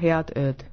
head ööd!